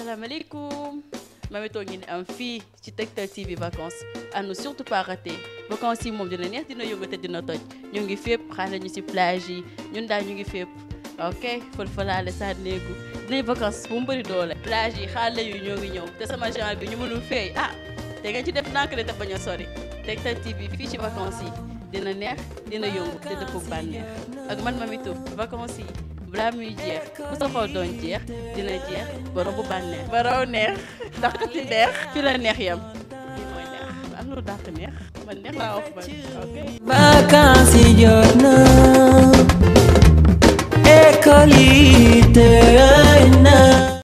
asalaamaaleykum Mamy Too ngi ne am fii ci Tektal TV vacances à ah, ne surtout pas rater vacances yi moom dina neex dina yëngu te dina toj ñu ngi fépp xaar ñu ci plage yi ñun daal ñu ngi fépp ok fël-fëlaale saa néegu dinañ vacances mu bëri doole. plage yi xaale yu ñoo ngi ñëw te sama genre bi ñu mënul feey ah te nga ci def ndànk de te bañ a sori Tektal TV fii ci vacances yi dina neex dina yëngu te dëppoo bànneex ak man Mamy Too yi. balaa muy jeex bu sa xol doon jeex dina jeex ba rabu bànneex ba neex ndax ci neex la neex yam mooy neex am lu dàq neex man neex laa wax man vacances yi jot na